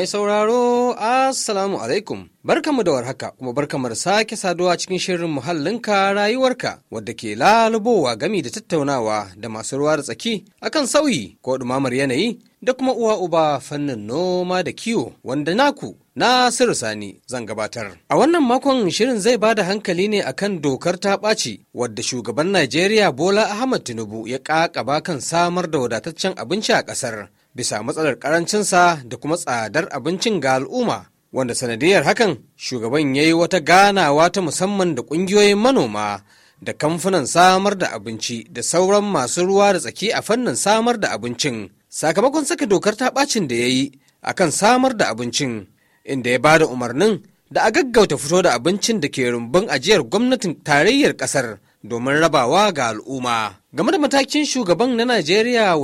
Mai sauraro, Assalamu alaikum. mu da warhaka kuma barkanmu da sake saduwa cikin shirin muhallinka rayuwarka wadda ke lalubowa gami da tattaunawa da masu ruwa da tsaki akan sauyi ko ɗumamar yanayi da kuma uwa uba fannin noma da kiwo wanda naku Nasiru Sani zan gabatar. A wannan makon shirin zai bada hankali ne akan dokar ta ɓaci wadda shugaban Najeriya Bola Ahmad Tinubu ya ƙaƙaba kan samar da wadataccen abinci a ƙasar. bisa matsalar karancinsa da kuma tsadar abincin ga al'umma wanda sanadiyar hakan shugaban ya yi wata ganawa ta musamman da ƙungiyoyin manoma da kamfanin samar da abinci da sauran masu ruwa da tsaki a fannin samar da abincin sakamakon saka dokar ta bacin da ya yi a kan samar da abincin inda ya ba da umarnin da a gaggauta fito da abincin da ke rumbun ajiyar gwamnatin tarayyar ƙasar domin rabawa ga al'umma. Game da matakin shugaban na Najeriya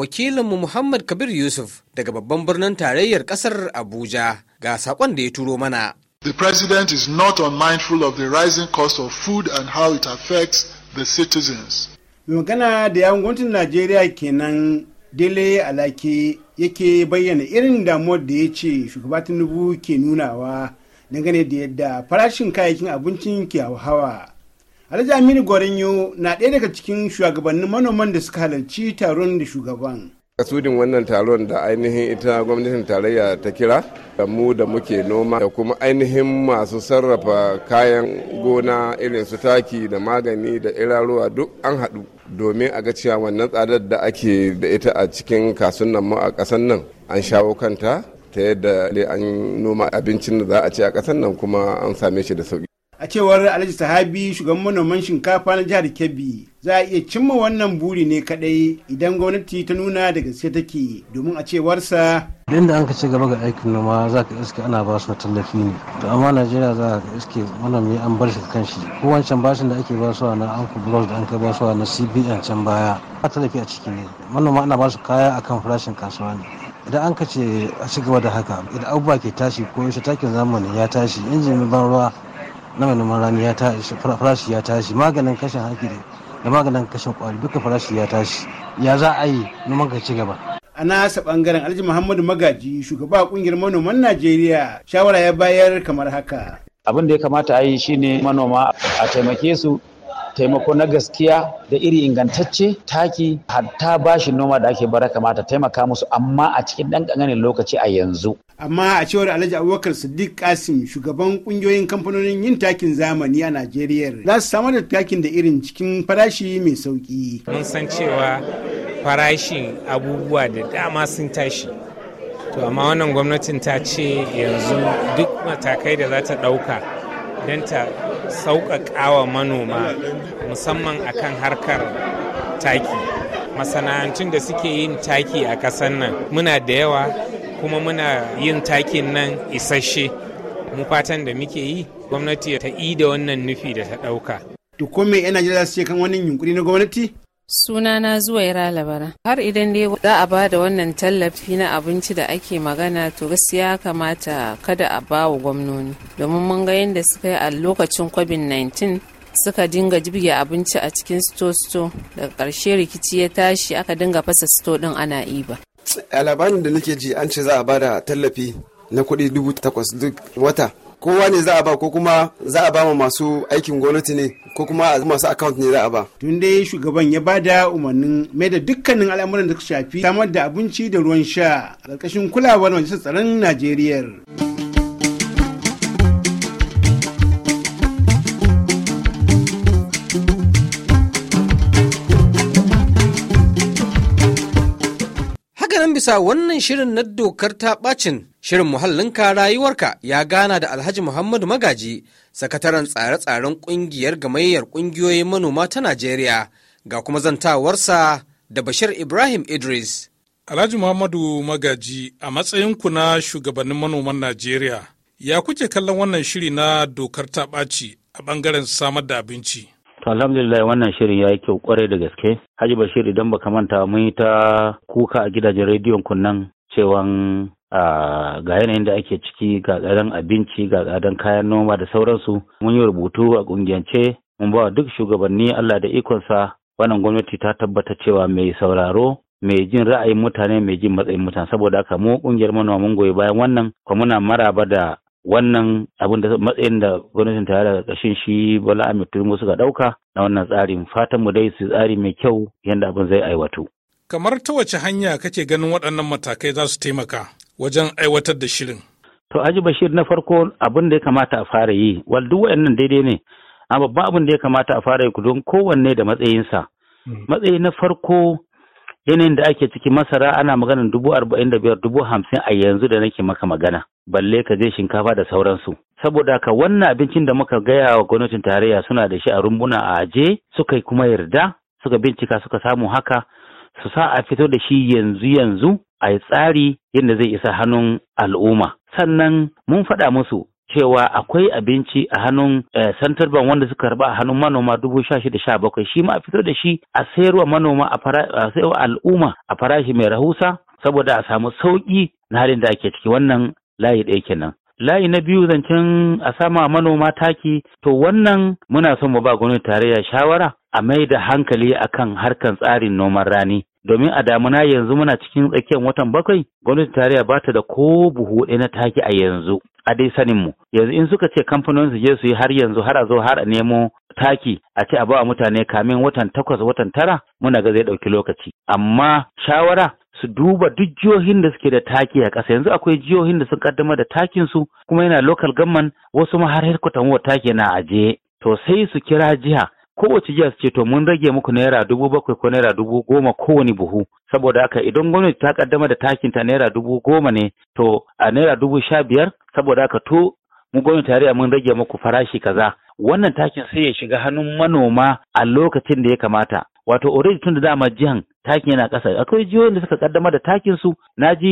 mu Muhammad Kabir Yusuf daga babban birnin tarayyar ƙasar Abuja ga sakon da ya turo mana. The president is not unmindful of the rising cost of food and how it affects the citizens. Magana da yawon gwamnatin Najeriya kenan Dele Alake yake bayyana irin damuwar da ya ce shugaba Tinubu ke nunawa dangane da yadda farashin kayayyakin abincin ke hawa. Alhaji Aminu Gwarinyo na ɗaya daga cikin shugabannin manoman da suka halarci taron da shugaban. Kasudin wannan taron da ainihin ita gwamnatin tarayya ta kira da mu da muke noma da kuma ainihin masu sarrafa kayan gona irin su taki da magani da iraruwa duk an haɗu domin a ga cewa wannan tsadar da ake da ita a cikin kasunan mu a ƙasan nan an shawo kanta ta yadda an noma abincin da za a ci a ƙasar nan kuma an same shi da sauki. a cewar alhaji sahabi shugaban manoman shinkafa na jihar kebbi za a iya cimma wannan buri ne kadai idan gwamnati ta nuna da gaske take domin a cewarsa idan da an ka ci gaba ga aikin noma za ka iske ana ba su tallafi ne to amma najeriya za ka iske manomi an bar shi kan shi ko wancan bashin da ake ba su na anko blog da an ka ba su na cbn can baya ba tallafi a ciki ne manoma ana ba su kaya akan farashin kasuwa ne idan an ce a ci gaba da haka idan abubuwa ke tashi ko yaushe takin zamani ya tashi injin ban ruwa na manoman rani ya tashi farashi ya tashi maganin kashe haki da maganin kashen kwari duka farashi ya tashi ya za a yi noman ka ci gaba a nasa bangaren alhaji muhammadu magaji shugaba kungiyar manoman najeriya shawara ya bayar kamar haka abin da ya kamata a yi shine manoma a taimake su taimako na gaskiya da iri ingantacce taki hatta bashi noma da ake bara kamata taimaka musu amma a cikin dan ƙanƙanin lokaci a yanzu. Amma a cewar Alhaji Abubakar Siddiq Kasim shugaban ƙungiyoyin kamfanonin yin takin zamani a Najeriya za su samar da takin da irin cikin farashi mai sauƙi. Mun san cewa farashin abubuwa da dama sun tashi. To amma wannan gwamnatin ta ce yanzu duk matakai da za ta ɗauka don ta sauƙaƙawa manoma musamman akan harkar taki masana'antun da suke yin taki a ƙasar nan muna da yawa kuma muna yin takin nan isasshe mu fatan da muke yi gwamnati ta yi da wannan nufi da ta ɗauka. To ko me yana jira su kan wani yunkuri na gwamnati? Suna na zuwa ira Labara. Har idan dai za a ba da wannan tallafi na abinci da ake magana to gaskiya kamata kada a ba wa gwamnoni. Domin mun ga yadda suka yi a lokacin COVID-19 suka dinga jibge abinci a cikin sto-sto daga karshe rikici ya tashi aka dinga fasa sto din ana iba. a labarin da nake ji an ce za a ba da tallafi na kuɗi dubu takwas duk wata kowa ne za a ba ko kuma za a ba ma masu aikin gwamnati ne ko kuma masu account ne za a ba. Tun dai shugaban ya bada umarnin mai da dukkanin al'amuran da suka shafi samar da abinci da ruwan sha a ƙarƙashin kulawar majalisar tsaron Najeriya. bisa wannan shirin na dokar ta ɓacin shirin muhallinka rayuwarka ya gana da alhaji muhammadu magaji sakataren tsare-tsaren ƙungiyar gamayyar ƙungiyoyin manoma ta najeriya ga kuma zantawarsa da bashir ibrahim idris alhaji muhammadu magaji a matsayinku na shugabannin manoman najeriya ya kuke kallon wannan shiri na dokar ta ɓaci a ɓangaren samar da abinci alhamdulillah wannan shirin ya yi kyau kwarai da gaske haji bashir idan baka manta mun yi ta kuka a gidajen rediyon kunnan cewan ga yanayin da ake ciki ga tsadan abinci ga tsadan kayan noma da sauransu mun yi rubutu a ƙungiyance, mun ba duk shugabanni Allah da ikonsa wannan gwamnati ta tabbata cewa mai sauraro mai jin ra'ayin mutane mai jin matsayin mutane saboda haka mu kungiyar manoma mun goyi bayan wannan kuma muna maraba da wannan abin da matsayin da gwamnatin tare da ƙarshen shi Bala Ahmed Tinubu suka ɗauka na wannan tsarin fatan mu dai su tsari mai kyau yadda abin zai aiwatu. Kamar ta wace hanya kake ganin waɗannan matakai za su taimaka wajen aiwatar da shirin? To aji Bashir na farko abin da ya kamata a fara yi, wal duk daidai ne, amma babban abin da ya kamata a fara yi don kowanne da matsayinsa. Hmm. Matsayi na farko yanayin da ake ciki masara ana magana dubu arba'in da biyar dubu hamsin a yanzu da nake maka magana balle ka je shinkafa da sauransu saboda ka wannan abincin da muka gaya wa gwamnatin tarayya suna da shi a rumbuna a aje suka kuma yarda suka bincika suka samu haka su sa a fito da shi yanzu yanzu a yi tsari yadda zai isa hannun al'umma sannan mun faɗa musu cewa akwai abinci a hannun santar eh, ban wanda suka karba a hannun manoma dubu sha shida sha bakwai shi ma a fito da shi a sayarwa manoma a sayarwa al'umma a farashi mai rahusa saboda a samu sauƙi na halin da ake ciki wannan layi ɗaya kenan layi na biyu zancen a sama manoma taki to wannan muna son mu ba gwamnati tarayya shawara a mai da hankali akan harkan tsarin noman rani domin a damuna yanzu muna cikin tsakiyar watan bakwai gwamnati tarayya ba ta da ko buhu ɗaya na taki a yanzu a dai sanin mu yanzu in suka ce kamfanonin su je su yi har yanzu har a zo har a nemo taki a ce a ba mutane kamin watan takwas watan tara muna ga zai ɗauki lokaci amma shawara su duba duk jihohin da suke da taki a ƙasa yanzu akwai jihohin da sun kaddama da takin su kuma yana local government wasu ma har headquarter wa taki na aje to sai su kira jiha kowace jiha su ce to mun rage muku naira dubu bakwai ko naira dubu goma kowane buhu saboda haka idan gwamnati ta kaddama da takin ta naira dubu goma ne to a naira dubu sha biyar saboda haka to mu gwamnati tare mun rage muku farashi kaza wannan takin sai ya shiga hannun manoma a lokacin da ya kamata wato already tun da dama jihan takin yana ƙasa akwai jihohin da suka kaddamar da takin su na ji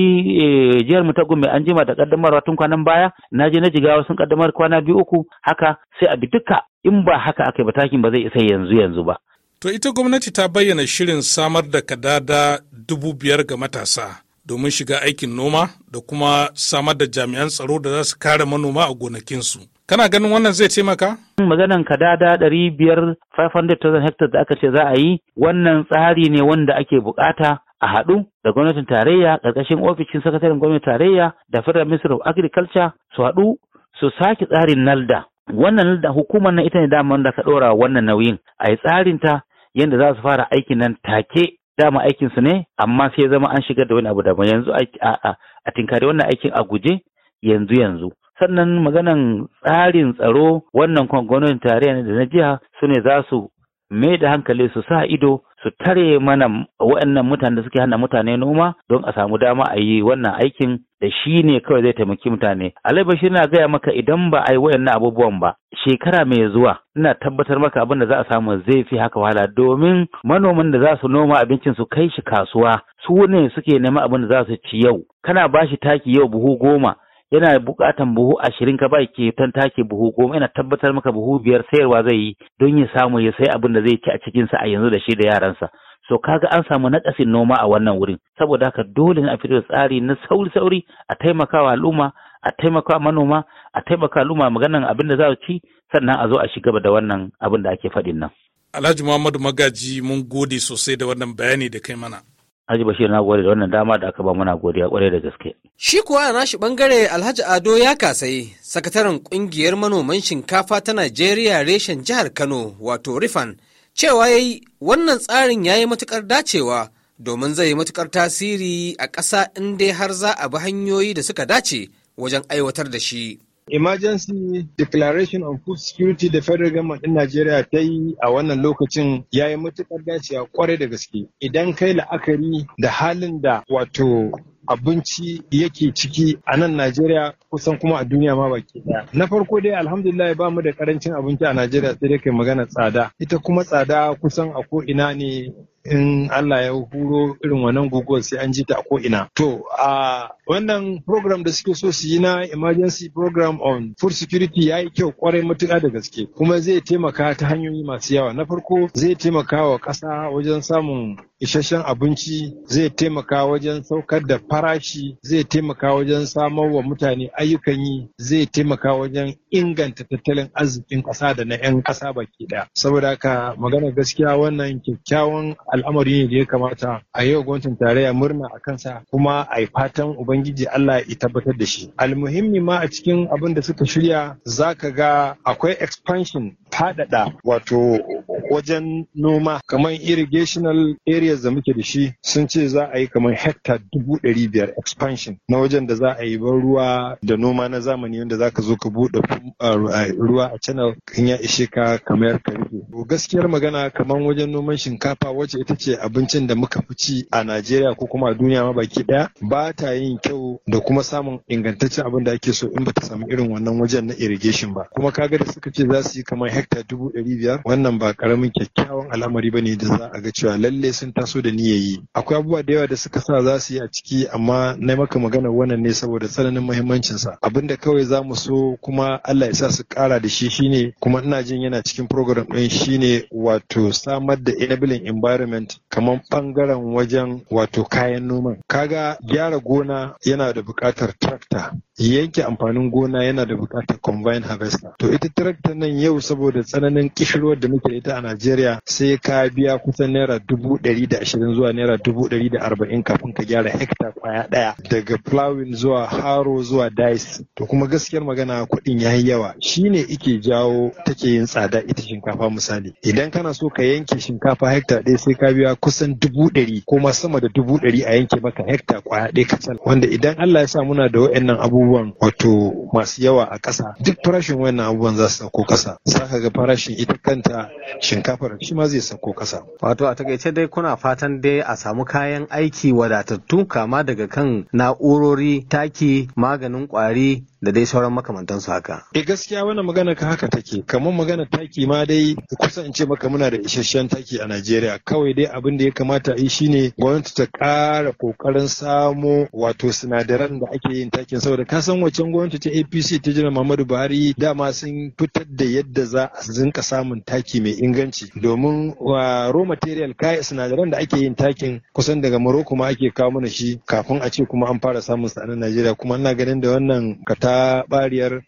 eh, jihar mu ta gumi an jima da kaddamarwa tun kwanan baya na ji na jigawa sun kaddamar kwana biyu uku haka sai a bi duka in ba haka aka ba takin ba zai isa yanzu yanzu ba. to ita gwamnati ta bayyana shirin samar da kadada dubu biyar ga matasa domin shiga aikin noma da kuma samar da jami'an tsaro da za su kare manoma a gonakinsu. Kana ganin wannan zai taimaka? Maganan kadada ɗari biyar 500,000 hectares da aka ce za a yi wannan tsari ne wanda ake bukata a haɗu da gwamnatin tarayya ƙarƙashin ofishin sakataren gwamnatin tarayya da federal minister of agriculture su haɗu su sake tsarin nalda wannan nalda hukumar nan ita ne dama wanda ka ɗora wannan nauyin a yi tsarin ta yadda za su fara aikin nan take dama aikin su ne amma sai zama an shigar da wani abu daban yanzu a tinkari wannan aikin a guje yanzu yanzu sannan maganan tsarin tsaro wannan kwangonin tare da na jiha su ne za su mai da hankali su sa ido su tare mana waɗannan mutane da suke hana mutane noma don a samu dama a yi wannan aikin da shi ne kawai zai taimaki mutane. Alaibashi na gaya maka idan ba a yi waɗannan abubuwan ba shekara mai zuwa ina tabbatar maka abin da za a samu zai fi haka wahala domin manoman da za su noma abincin su kai shi kasuwa su ne suke neman abin da za su ci yau kana ba shi taki yau buhu goma yana buƙatan buhu ashirin ka baki ke take buhu goma yana tabbatar maka buhu biyar sayarwa zai yi don ya samu ya sai abin da zai ci a cikinsa a yanzu da shi da yaransa so kaga an samu naƙasin noma a wannan wurin saboda haka dole ne a fito da tsari na sauri-sauri a taimakawa al'umma a taimaka manoma a taimakawa al'umma maganan abin da za su ci sannan a zo a shiga da wannan abin da ake faɗin nan. Alhaji Muhammadu Magaji mun gode sosai da wannan bayani da kai mana. aji Bashir na gode da wannan dama da aka ba muna godiya kwarai da gaske. Shi kuwa a nashi bangare Alhaji Ado ya kasai sakataren kungiyar manoman shinkafa ta Najeriya reshen jihar Kano wato Rifan cewa yayi wannan tsarin ya yi matukar dacewa domin zai yi matukar tasiri a ƙasa in har za a bi hanyoyi da suka dace wajen aiwatar da shi. Emergency Declaration on Food Security da Federal Government ɗin Najeriya ta yi a wannan lokacin ya yi matuƙar a kwarai da gaske. Idan kai la'akari da halin da wato abinci yake ciki a nan Najeriya kusan kuma a duniya ma baki daya. Na farko dai alhamdulillah ba mu da karancin abinci a Najeriya sai dai kai magana tsada. Ita kuma tsada kusan a ko ina ne in Allah ya huro irin wannan guguwar sai an ji ta a ko ina. To a wannan program da suke so su yi na emergency program on food security ya yi kyau kwarai matuƙa da gaske kuma zai taimaka ta hanyoyi masu yawa. Na farko zai taimaka wa ƙasa wajen samun isasshen abinci zai taimaka wajen saukar da farashi zai taimaka wajen samar wa mutane ayyukan yi zai taimaka wajen inganta tattalin arzikin kasa da na 'yan kasa baki ɗaya. Saboda haka magana gaskiya wannan kyakkyawan al'amari ne da ya kamata a yau gwamnatin tarayya murna a kansa kuma a yi fatan Ubangiji Allah ya tabbatar da shi. Almuhimmi ma a cikin abin da suka shirya za ka ga akwai expansion faɗaɗa wato wajen noma kamar irrigational areas da muke da shi sun ce za a yi kamar hectare dubu ɗari biyar expansion na wajen da za a yi ban ruwa da noma na zamani wanda zaka zo ka buɗe ruwa a channel in ya ishe ka kamar ka rufe gaskiyar magana kamar wajen noman shinkafa wacce ita ce abincin da muka fi ci a Najeriya ko kuma a duniya ma baki daya ba ta yin kyau da kuma samun ingantaccen abin da ake so in ba ta samu irin wannan wajen na irrigation ba kuma kaga da suka ce za su yi kamar hekta dubu ɗari biyar wannan ba karamin kyakkyawan al'amari ba ne da za a ga cewa lalle sun taso da niyayi akwai abubuwa da yawa da suka sa za su yi a ciki amma na maka magana wannan ne saboda tsananin muhimmancinsa da kawai za mu so kuma Allah ya sa su kara da shi shine kuma ina jin yana cikin program ɗin shine wato samar da enabling environment kamar bangaren wajen wato kayan noma Kaga gyara gona yana da buƙatar tractor yanke amfanin gona yana da buƙatar combined harvester. To ita tractor nan yau saboda tsananin kishirwar da muke ita a Najeriya sai ka biya kusan naira dubu ɗari da ashirin zuwa naira dubu ɗari da arba'in kafin ka gyara hekta kwaya ɗaya daga plowing zuwa haro zuwa dice. To kuma gaskiyar magana kuɗin ya yi yawa shine ike jawo take yin tsada ita shinkafa misali idan kana so ka yanke shinkafa hekta ɗaya sai ka biya kusan dubu ɗari ko ma sama da dubu ɗari a yanke maka hekta kwaya ɗaya kacal wanda idan Allah ya sa muna da wa'annan abubuwan wato masu yawa a ƙasa duk farashin wannan abubuwan za su sauko ƙasa za ka ga farashin ita kanta shinkafar shi ma zai sauko ƙasa. Wato a takaice dai kuna fatan dai a samu kayan aiki wadatattu kama daga kan na'urori taki maganin kwari da dai sauran makamantansu haka. E gaskiya wani magana ka haka take, kamar magana taki ma dai kusan ce maka muna da isasshen taki a Najeriya. Kawai dai abin da ya kamata a yi shine gwamnati ta ƙara ƙoƙarin samo wato sinadaran da ake yin takin saboda ka san wacce gwamnati ta APC ta jiran Muhammadu Buhari dama sun fitar da yadda za a zinka samun taki mai inganci domin wa raw material kai sinadaran da ake yin takin kusan daga Morocco ma ake kawo mana shi kafin a ce kuma an fara samun sa a Najeriya kuma ina ganin da wannan kata bariyar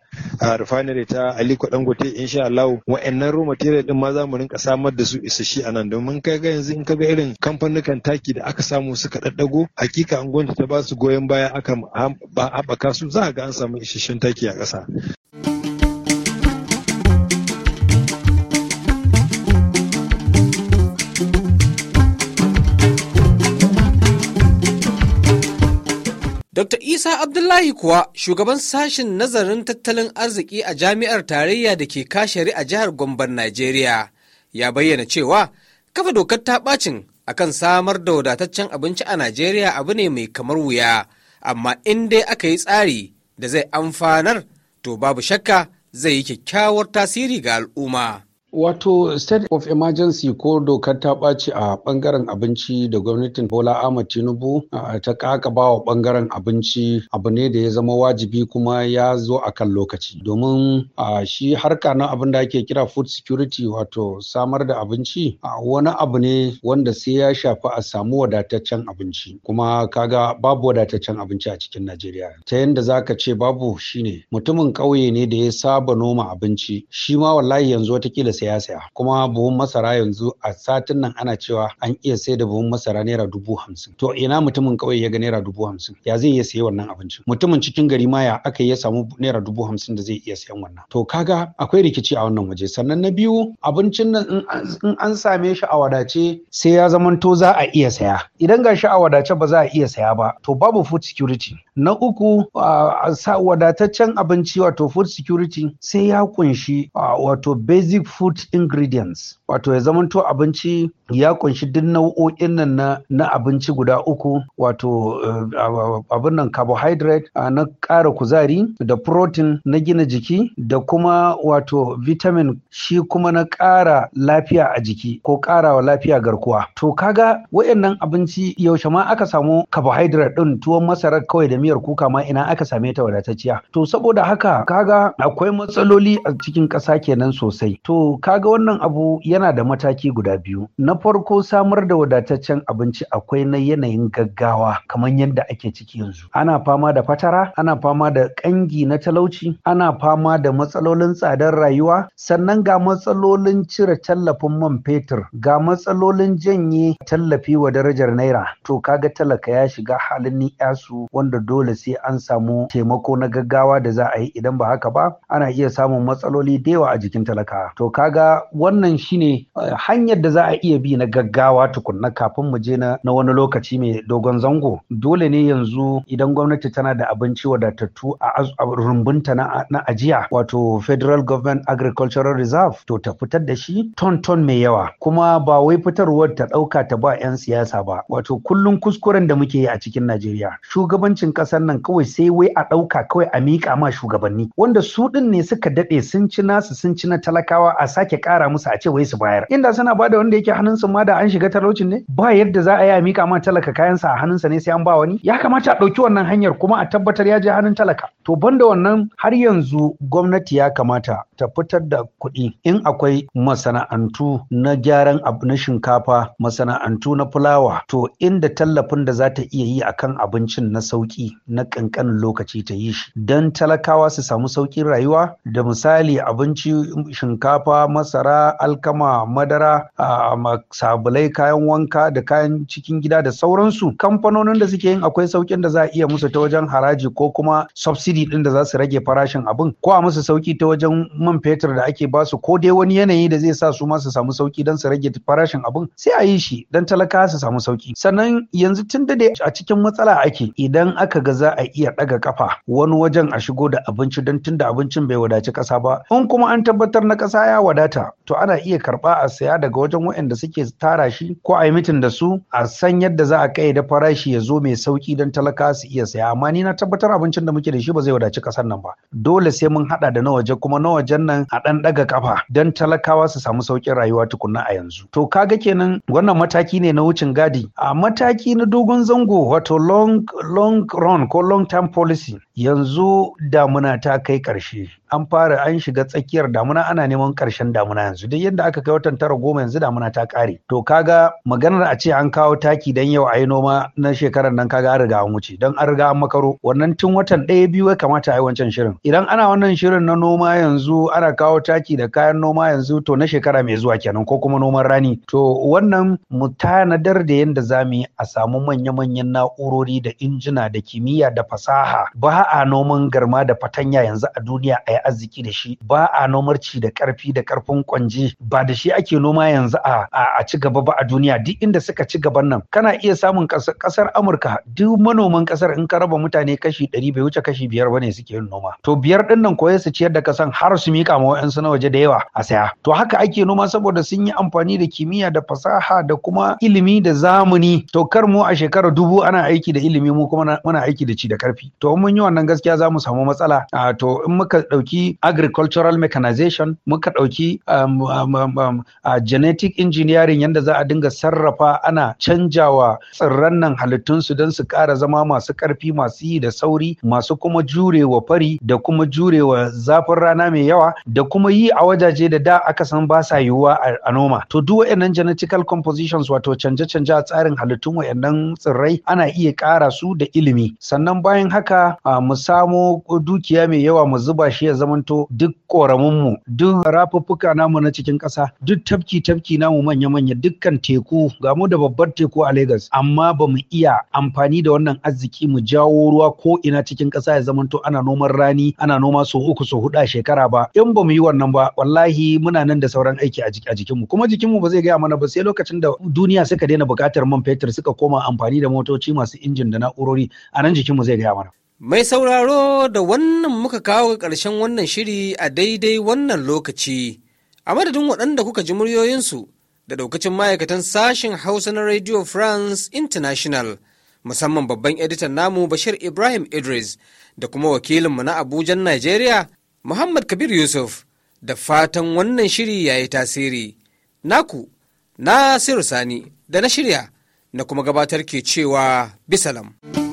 A refinery ta Aliko Dangote insha Allah wa'annan raw material din ma za mu rinka samar da su isasshe a nan domin kai ga yanzu in ka ga irin kamfanukan taki da aka samu suka daddago hakika an gwamnati ta ba su goyon baya aka haɓaka su za a ga an samu isasshen taki a ƙasa. Dr. Isa Abdullahi kuwa shugaban sashen nazarin tattalin arziki a jami'ar tarayya da ke kashari a jihar Gombar Najeriya ya bayyana cewa kafa dokar ta bacin akan samar da wadataccen abinci a Najeriya abu ne mai kamar wuya amma in dai aka yi tsari da zai amfanar to babu shakka zai yi kyakkyawar tasiri ga al'umma. Wato state of emergency ko dokar ta ɓaci a ɓangaren abinci da gwamnatin Bola Ahmad Tinubu ta kaka ba wa ɓangaren abinci abu ne da ya zama wajibi kuma ya zo a kan lokaci. Domin shi harka na abin da ake kira food security wato samar da abinci wani abu ne wanda sai ya shafi a samu wadataccen abinci. Kuma kaga babu wadataccen abinci a cikin Najeriya. Ta yadda za ka ce babu shine mutumin ƙauye ne da ya saba noma abinci shi ma wallahi yanzu watakila sai siyasa ya saya kuma buhun masara yanzu a satin nan ana cewa an iya sai da buhun masara naira dubu hamsin to ina mutumin kauye ya ga naira dubu hamsin ya zai iya sayi wannan abincin mutumin cikin gari ma ya aka ya samu naira dubu hamsin da zai iya sayan wannan to kaga akwai rikici a wannan waje sannan na biyu abincin nan in an same shi a wadace sai ya zamanto za a iya saya idan ga shi a wadace ba za a iya saya ba to babu food security na uku sa wadataccen abinci wato food security sai ya kunshi wato basic food ingredients wato ya zamanto abinci ya kunshi duk nau'o'in nan na abinci guda uku wato eh, abin nan carbohydrate na ƙara kuzari da protein na gina jiki da kuma wato vitamin shi kuma na ƙara lafiya a jiki ko ƙarawa lafiya garkuwa to kaga wayannan abinci yaushe ma aka samu carbohydrate ɗin tuwon masarar kawai da miyar kuka ma ina aka same ta wadatacciya to saboda haka kaga akwai matsaloli a cikin ƙasa kenan sosai to kaga wannan abu ya yana da mataki guda biyu na farko samar da wadataccen abinci akwai na yanayin gaggawa kamar yadda ake ciki yanzu ana fama da fatara ana fama da kangi na talauci ana fama da matsalolin tsadar rayuwa sannan ga matsalolin cire tallafin man fetur ga matsalolin janye tallafi wa darajar naira to kaga talaka ya shiga halin ni'yasu wanda dole sai an samu taimako na gaggawa da za a yi idan ba haka ba ana iya samun matsaloli da yawa a jikin talaka to kaga wannan shine ne eh, hanyar da za a iya bi na gaggawa tukunna kafin mu je na wani lokaci mai dogon zango dole ne yanzu idan gwamnati tana da abinci wadatattu a rumbunta na ajiya wato federal government agricultural reserve to ta fitar da shi ton ton mai yawa kuma ba wai fitarwar ta ɗauka ta ba 'yan siyasa ba wato kullum kuskuren da muke yi a cikin najeriya shugabancin ƙasar nan kawai sai wai a ɗauka kawai a miƙa ma shugabanni wanda su ɗin ne suka daɗe sun ci nasu sun ci na talakawa a sake kara musu a ce wai su su bayar inda suna ba da wanda yake hannun ma da an shiga talaucin ne ba yadda za a yi a mika ma talaka kayansa a hannunsa ne sai an ba wani ya kamata a ɗauki wannan hanyar kuma a tabbatar ya je hannun talaka to banda wannan har yanzu gwamnati ya kamata ta fitar da kuɗi in akwai masana'antu na gyaran abu na shinkafa masana'antu na fulawa to inda tallafin da za ta iya yi akan abincin na sauƙi na ƙanƙanin lokaci ta yi shi don talakawa su samu sauƙin rayuwa da misali abinci shinkafa masara alkama madara a sabulai kayan wanka da kayan cikin gida da sauransu kamfanonin da suke yin akwai sauƙin da za a iya musu ta wajen haraji ko kuma subsidy subsidy din da za su rage farashin abin ko a musu sauki ta wajen man fetur da ake ba su ko dai wani yanayi da zai sa su ma su samu sauki don su rage farashin abin sai a yi shi don talaka su samu sauki sannan yanzu tun da dai a cikin matsala ake idan aka ga za a iya daga kafa wani wajen a shigo da abinci don tun da abincin bai wadaci kasa ba in kuma an tabbatar na kasa ya wadata to ana iya karba a saya daga wajen waɗanda suke tara shi ko a yi mitin da su a san yadda za a kai da farashi ya zo mai sauki don talaka su iya saya amma ni na tabbatar abincin da muke da shi ba zai wadaci kasar nan ba dole sai mun hada da na waje kuma na wajen nan a dan daga kafa don talakawa su samu saukin rayuwa tukunna a yanzu to kaga kenan wannan mataki ne na wucin gadi a mataki na dogon zango wato long long run ko long term policy yanzu damuna ta kai ƙarshe an fara an shiga tsakiyar damuna ana neman ƙarshen damuna yanzu duk yadda aka kai watan tara goma yanzu damuna ta ƙare to kaga maganar a ce an kawo taki dan yau ayi noma na shekarar nan kaga an riga an wuce dan an riga an makaro wannan tun watan ɗaya biyu ya kamata a yi wancan shirin idan ana wannan shirin na noma yanzu ana kawo taki da kayan noma yanzu to na shekara mai zuwa kenan ko kuma noman rani to wannan mu tanadar da yadda za mu yi a samu manya-manyan na'urori da injina da kimiyya da fasaha ba ba a noman garma da fatanya yanzu a duniya a yi arziki da shi ba a ci da karfi da karfin kwanji ba da shi ake noma yanzu a a ci gaba ba a duniya duk inda suka ci gaban nan kana iya samun kasar Amurka duk manoman kasar in ka raba mutane kashi ɗari bai wuce kashi biyar bane suke yin noma to biyar ɗin nan koyi su ciyar da kasan har su mika ma wayansu na waje da yawa a saya to haka ake noma saboda sun yi amfani da kimiyya da fasaha da kuma ilimi da zamani to kar mu a shekarar dubu ana aiki da ilimi mu kuma muna aiki da ci da karfi to mun yi wannan gaskiya za mu samu matsala to in muka ɗauki agricultural mechanization muka ɗauki um, um, um, genetic engineering yadda za a dinga sarrafa ana canjawa tsirran nan halittun su don su ƙara zama masu ƙarfi masu yi da sauri masu kuma jurewa fari da kuma jurewa zafin rana mai yawa da kuma yi a wajaje da da aka san ba sa yiwuwa a noma to duk wayannan genetical compositions wato canje-canje a tsarin halittun wayannan tsirrai ana iya ƙara su da ilimi sannan bayan haka um, mu samo dukiya mai yawa mu zuba shi ya zamanto duk mu duk rafuffuka namu na cikin ƙasa duk tafki tafki namu manya manya dukkan teku ga mu da babbar teku a Legas. amma ba mu iya amfani da wannan arziki mu jawo ruwa ko ina cikin ƙasa ya zamanto ana noman rani ana noma so uku so hudu a shekara ba in ba mu yi wannan ba wallahi muna nan da sauran aiki a jikinmu kuma jikinmu ba zai gaya mana ba sai lokacin da duniya suka daina buƙatar man fetur suka koma amfani da motoci masu injin da na'urori a nan jikinmu zai gaya mana. Mai sauraro da wannan muka kawo ga ƙarshen wannan shiri a daidai wannan lokaci, a madadin waɗanda kuka ji muryoyinsu da ɗaukacin ma'aikatan sashen Hausa na Radio France International, musamman babban editan namu Bashir Ibrahim Idris da kuma wakilinmu na Abujan Najeriya, Muhammad Kabir Yusuf, da fatan wannan shiri ya yi tasiri. Naku, Nasiru Sani, da na shirya, na kuma gabatar ke cewa Bisalam.